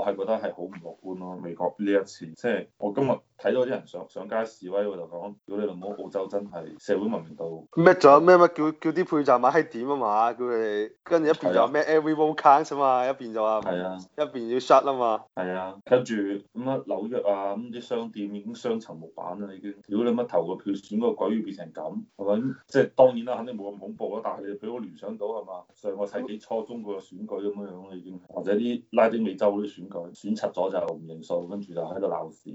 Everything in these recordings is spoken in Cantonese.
我係覺得係好唔樂觀咯，美國呢一次，即係我今日。嗯睇到啲人上上街示威我就講，屌你老母！澳洲真係社會文明到咩？仲有咩乜？叫叫啲配站馬閪點啊嘛？叫佢哋跟住一邊就咩 Every Vote Counts 嘛，一邊就話、係啊，一邊要 shut 啊嘛。係啊。跟住咁啊紐約啊，咁啲商店已經雙層木板啦，已經。屌你乜投個票選個鬼要變成咁，係嘛、就是？即係當然啦，肯定冇咁恐怖啊，但係你俾我聯想到係嘛？上個世紀初中個選舉咁樣樣已經。或者啲拉丁美洲嗰啲選舉選錯咗就唔認數，跟住就喺度鬧事。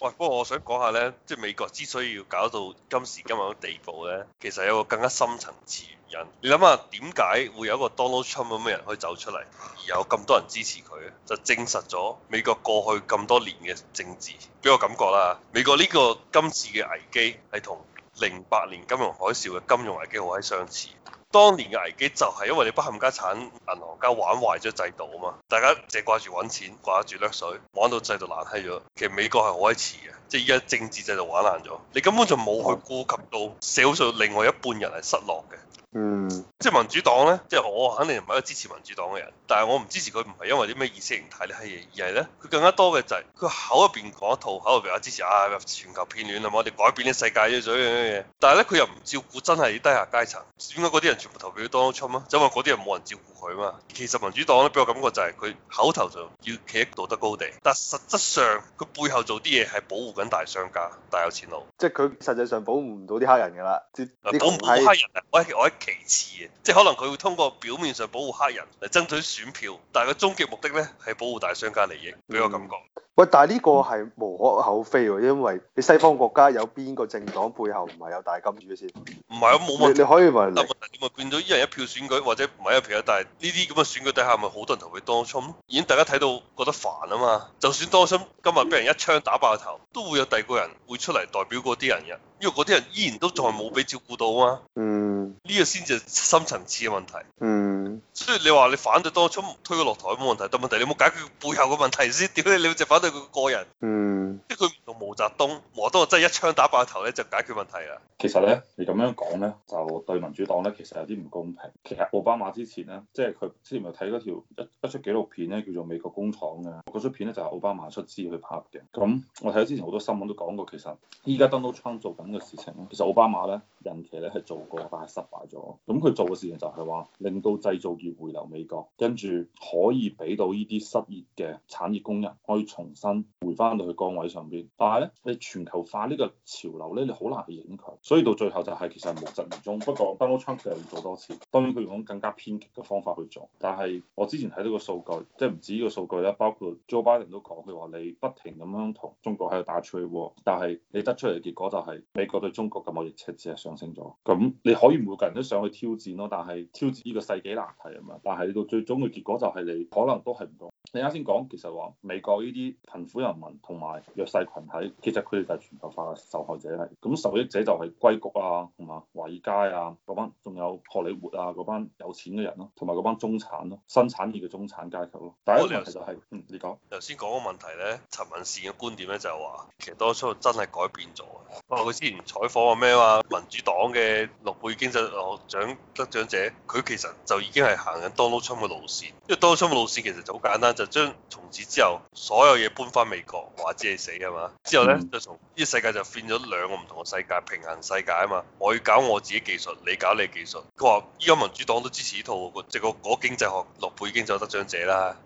喂，不過我想講下呢，即係美國之所以要搞到今時今日咁地步呢，其實有個更加深層次原因。你諗下點解會有一個 Donald Trump 咁嘅人可以走出嚟，而有咁多人支持佢，就證實咗美國過去咁多年嘅政治。俾我感覺啦，美國呢個今次嘅危機係同零八年金融海嘯嘅金融危機好鬼相似。當年嘅危機就係因為你不鏽家產銀行家玩壞咗制度啊嘛，大家淨掛住揾錢，掛住甩水，玩到制度爛閪咗。其實美國係好一次嘅。即係依家政治制度玩爛咗，你根本就冇去顧及到少數另外一半人係失落嘅。嗯，即係民主黨咧，即係我肯定唔係一個支持民主黨嘅人，但係我唔支持佢唔係因為啲咩意識形態啲閪嘢，而係咧佢更加多嘅就係佢口入邊講一套，口入邊話支持啊全球變暖啊我哋改變啲世界嘅所樣嘅嘢，但係咧佢又唔照顧真係低下階層，點解嗰啲人全部投票當初嗎？因為嗰啲人冇人照顧佢啊嘛。其實民主黨咧俾我感覺就係佢口頭上要企喺道德高地，但係實質上佢背後做啲嘢係保護緊。大商家大有錢佬，即係佢實際上保護唔到啲黑人㗎啦。保護唔到黑人，啊我我喺其次嘅，即係可能佢會通過表面上保護黑人嚟爭取選票，但係佢終極目的咧係保護大商家利益，俾我感覺。嗯喂，但係呢個係無可厚非喎，因為你西方國家，有邊個政黨背後唔係有大金主先？唔係啊，冇問題你。你可以問，但，但問題點解變咗一人一票選舉或者唔係一票一？但係呢啲咁嘅選舉底下，咪好多人同佢當冲，已經大家睇到覺得煩啊嘛。就算當冲今日俾人一槍打爆個頭，都會有第二個人會出嚟代表嗰啲人嘅，因為嗰啲人依然都仲係冇俾照顧到啊。嗯。呢個先至係深層次嘅問題。嗯。所以你話你反對當初推佢落台冇問題，但問題你冇解決背後嘅問題先。係你，你淨反對佢個人。嗯。即係佢毛澤東我都真係一槍打爆頭咧就解決問題啦。其實咧你咁樣講咧就對民主黨咧其實有啲唔公平。其實奧巴馬之前咧即係佢之前咪睇嗰條一一出紀錄片咧叫做《美國工廠》嘅，啊，嗰出片咧就係奧巴馬出資去拍嘅。咁我睇到之前好多新聞都講過，其實依家 Donald Trump 做緊嘅事情，其實奧巴馬咧任期咧係做過，但係失敗咗。咁佢做嘅事情就係話令到製造業回流美國，跟住可以俾到呢啲失業嘅產業工人可以重新回翻到去崗位上邊，但係你全球化呢個潮流咧，你好難去影佢，所以到最後就係其實無疾而終。不過 Donald Trump 又要做多次，當然佢用更加偏激嘅方法去做。但係我之前睇到個數據，即係唔止呢個數據啦，包括 Joe Biden 都講，佢話你不停咁樣同中國喺度打 trade war，但係你得出嚟嘅結果就係美國對中國嘅貿易赤字係上升咗。咁你可以每個人都想去挑戰咯，但係挑戰呢個世紀難題啊嘛。但係你到最終嘅結果就係你可能都係唔到。你啱先講，其實話美國呢啲貧苦人民同埋弱勢群體，其實佢哋就係全球化受害者係。咁受益者就係硅谷啊，同埋華爾街啊嗰班，仲有荷里活啊嗰班有錢嘅人咯，同埋嗰班中產咯，新產業嘅中產階級咯。第一個問題就係、是，你嗯，你講頭先講個問題咧，陳文茜嘅觀點咧就係話，其實當初真係改變咗。我話佢之前採訪話咩嘛，民主黨嘅諾貝爾經濟學獎得獎者，佢其實就已經係行緊 Donald Trump 嘅路線。因為 Donald Trump 嘅路線其實就好簡單。就將從此之後所有嘢搬翻美國，話知你死啊嘛！之後呢，就從呢世界就變咗兩個唔同嘅世界，平衡世界啊嘛！我要搞我自己技術，你搞你技術。佢話依家民主黨都支持呢套，即、那個嗰經濟學落背已經就得獎者啦。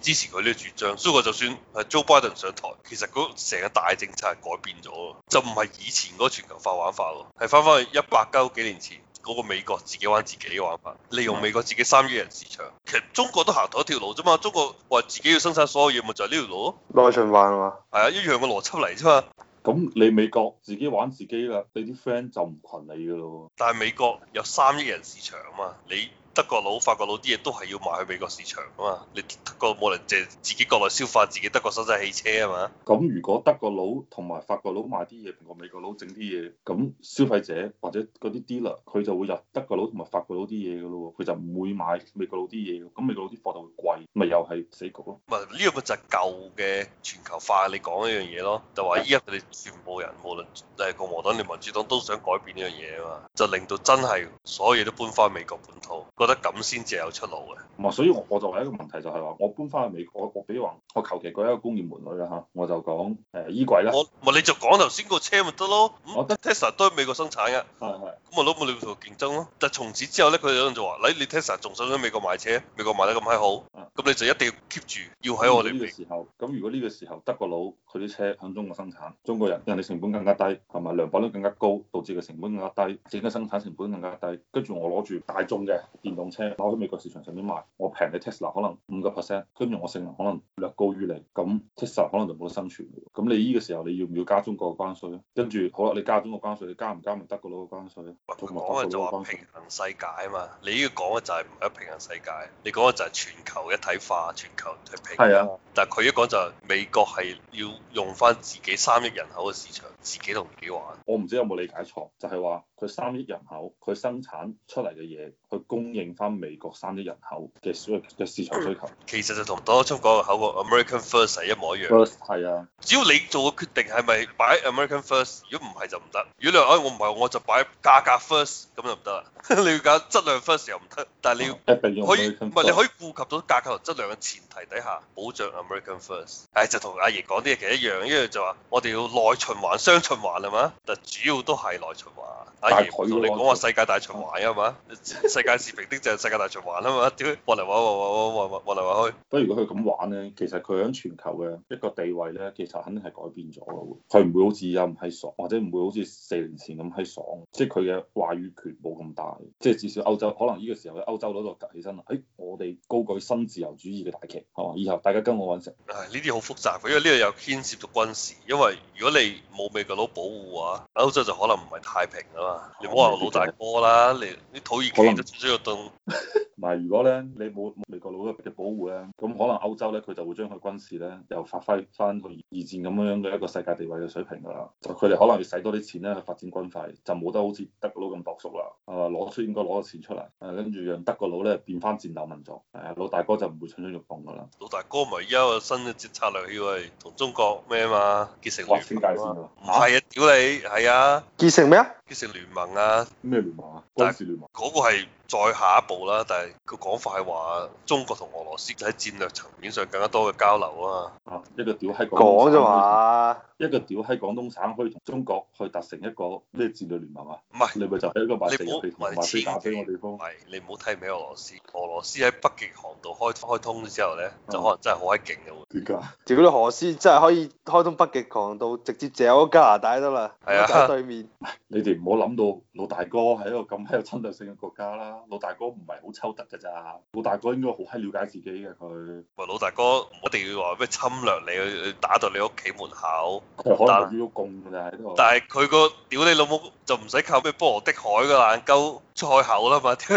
支持佢呢個主張。所以就算係 Joe Biden 上台，其實嗰成個大政策改變咗，就唔係以前嗰全球化玩法喎，係翻返去一百九幾年前。嗰個美國自己玩自己嘅玩法，利用美國自己三億人市場，其實中國都行同一條路啫嘛。中國話自己要生產所有嘢，咪就係呢條路咯。內循環啊嘛，係啊，一樣嘅邏輯嚟啫嘛。咁你美國自己玩自己啦，你啲 friend 就唔群你噶咯。但係美國有三億人市場啊嘛，你。德國佬、法國佬啲嘢都係要賣去美國市場啊嘛！你德國冇人借自己國內消化自己德國生產汽車啊嘛。咁如果德國佬同埋法國佬買啲嘢，平過美國佬整啲嘢，咁消費者或者嗰啲 dealer 佢就會入德國佬同埋法國佬啲嘢噶咯，佢就唔會買美國佬啲嘢，咁美國佬啲貨就會貴，咪又係死局咯。咪呢個就係舊嘅全球化你講一樣嘢咯，就話依家佢哋全部人無論誒共和黨定民主黨都想改變呢樣嘢啊嘛，就令到真係所有嘢都搬翻美國本土。覺得咁先至有出路嘅。唔係，所以我我就話一個問題就係話，我搬翻去美國，我我比如話，我求其講一個工業門類啦嚇，我就講誒、呃、衣櫃啦。我咪你就講頭先個車咪得咯。得、嗯、Tesla 行都喺美國生產嘅。係係。咁咪攞冇你同競爭咯。但係從此之後咧，佢有人就話，你你 Tesla 仲想喺美國賣車？美國賣得咁閪好，咁你就一定要 keep 住要喺我哋呢邊。時候咁，如果呢個時候得個佬。嗰啲車向中國生產，中國人人哋成本更加低，係咪良品率更加高，導致佢成本更加低，整個生產成本更加低。跟住我攞住大眾嘅電動車，攞去美國市場上面賣，我平你 Tesla 可能五個 percent，跟住我性能可能略高於你，咁 Tesla 可能就冇得生存。咁你呢個時候你要唔要加中國嘅關稅咧？跟住好啦，你加中國關稅，你加唔加咪得個咯關稅。咁我就話平衡世界啊嘛，你呢個講嘅就係唔係平衡世界？你講嘅就係全球一體化、全球係啊。但係佢一講就係美國係要。用翻自己三億人口嘅市場。自己同自己玩，我唔知有冇理解錯，就係話佢三億人口，佢生產出嚟嘅嘢，去供應翻美國三億人口嘅嘅市場需求，嗯。其實就同 Donald Trump 講嘅口號 American First 係一模一樣。係啊，只要你做個決定係咪擺 American First，如果唔係就唔得。如果你話我唔係，我就擺價格 First，咁就唔得啦。 你要揀質量 First 又唔得，但係你要一、嗯、可以唔係你可以顧及到價格同質量嘅前提底下，保障 American First。唉，就同阿爺講啲嘢其實一樣，因為就話我哋要內循環雙循環啦嘛，但主要都係內循環。阿爺同你講話、啊、世界大循環啊嘛， 世界是平的就係世界大循環啊嘛，屌，往嚟往來去，往嚟往去。不過如果佢咁玩咧，其實佢喺全球嘅一個地位咧，其實肯定係改變咗嘅。佢唔會好似又唔係爽，或者唔會好似四年前咁係爽，即係佢嘅話語權冇咁大。即係至少歐洲可能呢個時候喺歐洲嗰度趌起身啦。喺、哎、我哋高舉新自由主義嘅大旗，嚇，以後大家跟我揾食。誒，呢啲好複雜嘅，因為呢度又牽涉到軍事，因為如果你冇。 未夠保護啊！歐洲就可能唔係太平啊嘛，你唔好話我老大哥啦， 你啲土耳其就只需要盾。 嗱，如果咧你冇美國佬嘅保護咧，咁可能歐洲咧佢就會將佢軍事咧又發揮翻佢二戰咁樣嘅一個世界地位嘅水平噶啦，就佢哋可能要使多啲錢咧去發展軍費，就冇得好似德國佬咁樸素啦，啊攞出應該攞個錢出嚟，誒跟住讓德國佬咧變翻戰鬥民族，誒老大哥就唔會蠢蠢欲動噶啦，老大哥唔係而家新嘅策略要係同中國咩嘛結成？劃、啊、清界線唔係啊屌你係啊結成咩啊？結成聯盟啊？咩聯盟啊？軍事聯盟嗰個係再下一步啦，但係個講法係話中國同俄羅斯喺戰略層面上更加多嘅交流啊，啊！一個屌喺廣東，講就話，一個屌喺廣東省可以同中國去達成一個咩戰略聯盟啊？唔係是，你咪就喺一個賣死嘅地方打死我地方，係你唔好睇唔起俄羅斯，俄羅斯喺北極航道開開通之後咧，就可能真係好閪勁嘅喎！點解、嗯？屌你俄羅斯真係可以開通北極航道，直接走加拿大得啦，係啊，對面。你哋？唔好諗到老大哥係一個咁喺有侵略性嘅國家啦。老大哥唔係好抽得㗎咋，老大哥應該好閪了解自己嘅佢。喂，老大哥唔一定要話咩侵略你，打到你屋企門口。但係佢個屌你老母就唔使靠咩波羅的海㗎喇夠出海口啦嘛，成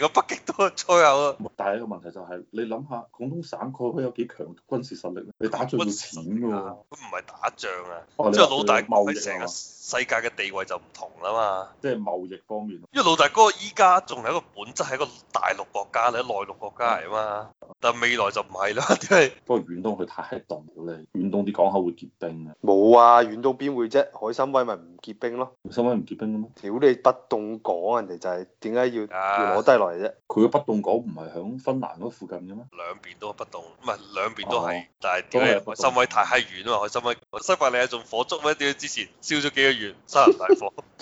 個北極都係出海口。但係一個問題就係、是、你諗下，廣東省過去有幾強軍事實力？實力你打仗要錢㗎。佢唔係打仗啊，即係、啊、老大哥成個、啊、世界嘅地位就唔同。啦嘛，即係貿易方面。因為老大哥依家仲係一個本質係一個大陸國家咧，內陸國家嚟嘛。嗯、但係未來就唔係啦，因為不過遠東佢太凍咧，遠東啲港口會結冰啊。冇啊，遠東邊會啫？海參崴咪唔結冰咯。海參崴唔結冰嘅咩？屌你不凍港人哋就係點解要攞低落嚟啫？佢個不凍港唔係響芬蘭嗰附近嘅咩？兩邊都係不凍，唔係兩邊都係，但係點解海參崴太係遠啊？是海參崴西伯利亞你係仲火燭咩？點解之前燒咗幾個月森林大火？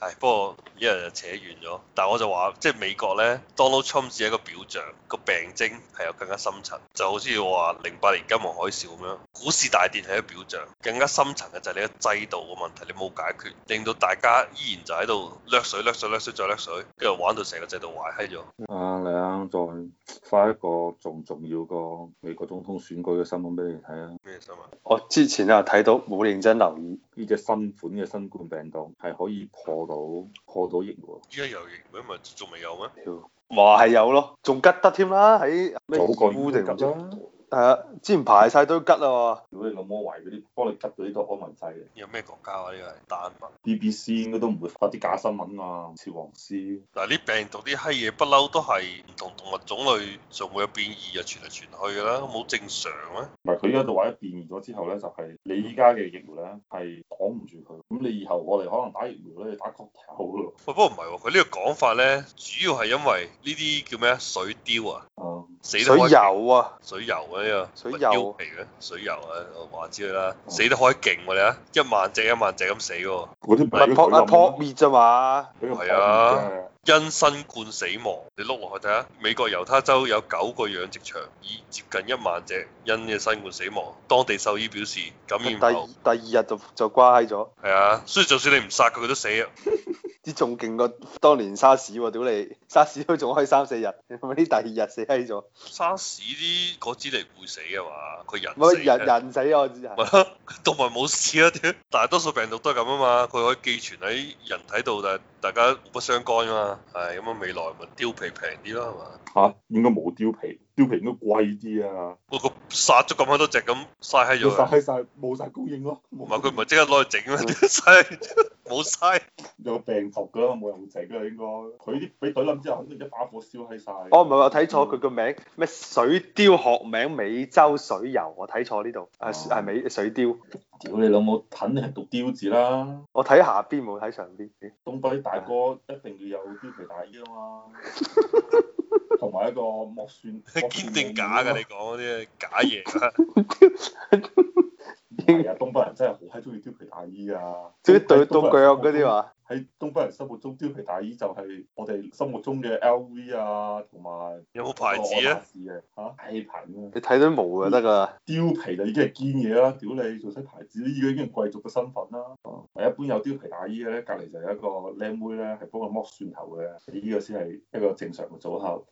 係，不過一樣就扯遠咗。但係我就話，即係美國咧，Donald Trump 只係一個表象，個病徵係有更加深層，就好似話零八年金融海嘯咁樣，股市大跌係一個表象，更加深層嘅就係你個制度嘅問題，你冇解決，令到大家依然就喺度掠水掠水掠水再掠水，跟住玩到成個制度壞喺咗。阿梁、啊，你再發一個仲重要過美國總統選舉嘅新聞俾你睇啊！咩新聞？我之前啊睇到，冇認真留意呢隻、這個、新款嘅新冠病毒係可以破。冇破到億喎，啊，依家有億咩？咪仲未有咩？話係 有咯，仲吉得添啦，喺咩好污污定咁啫？係啊，之前排晒都吉啊！如果你個魔圍嗰啲，幫你吉到呢套安民劑嘅。有咩國家喎？呢個係丹麥？B B C 應該都唔會發啲假新聞啊，似黃絲。但係啲病毒啲閪嘢不嬲都係唔同動物種類，仲會有變異全來全可可啊，傳嚟傳去㗎啦，冇正常咩？唔係佢依家就話一變異咗之後咧，就係、是、你依家嘅疫苗咧係擋唔住佢。咁你以後我哋可能打疫苗咧要打個頭咯。喂，不過唔係喎，佢呢個講法咧，主要係因為呢啲叫咩水貂啊。死得水油，啊、水油啊！水油啊呢個水貂、啊，皮嘅水油啊，我話知佢啦，嗯、死得開勁喎你啊。一萬隻一萬隻咁死喎，咪撲咪撲滅咋嘛？係啊，因新冠死亡，你碌落去睇下，美國猶他州有九個養殖場，已接近一萬隻因嘅新冠死亡，當地獸醫表示感染後，第二第二日就就瓜咗。係啊，所以就算你唔殺佢，佢都死啊。 啲仲勁過當年沙士喎、啊，屌你，沙士都仲可以三四日，咁啲第二日死閪咗。沙士啲個子嚟會死啊嘛，佢人，人，冇人人死啊，我知 動物冇事啊，啲大多數病毒都係咁啊嘛，佢可以寄存喺人體度，但係。大家互不相干啊嘛，係咁啊，未來咪貂皮平啲咯，係嘛？嚇，應該冇貂皮，貂皮應該貴啲啊。嗰個殺咗咁多隻咁晒喺咗，嘥晒冇晒供應咯。唔係佢唔係即刻攞嚟整咩？冇晒，有病毒噶嘛，冇用整啊應該。佢啲俾隊冧之後，肯定一把火燒晒。我唔係我睇錯佢個名，咩水貂學名美洲水遊，我睇錯呢度。係，係美水貂。屌你老母，肯定係讀雕字啦！我睇下邊冇睇上邊。道東北啲大哥一定要有貂皮大衣啊嘛，同埋 一個莫算，堅定 假㗎 你講嗰啲假嘢。 係啊，東北人真係好閪中意貂皮大衣啊，啲對冬具啊啲嘛。喺東北人心目中，貂皮大衣就係我哋心目中嘅 LV 啊，啊，同埋有冇牌子啊？大牌啊！你睇啲毛啊。得噶貂皮就已經係堅嘢啦，屌你做曬牌子，依、這個已經係貴族嘅身份啦。嗯、一般有貂皮大衣嘅咧，隔籬就有一個靚妹咧，係幫佢剝蒜頭嘅，你、這、呢個先係一個正常嘅組合。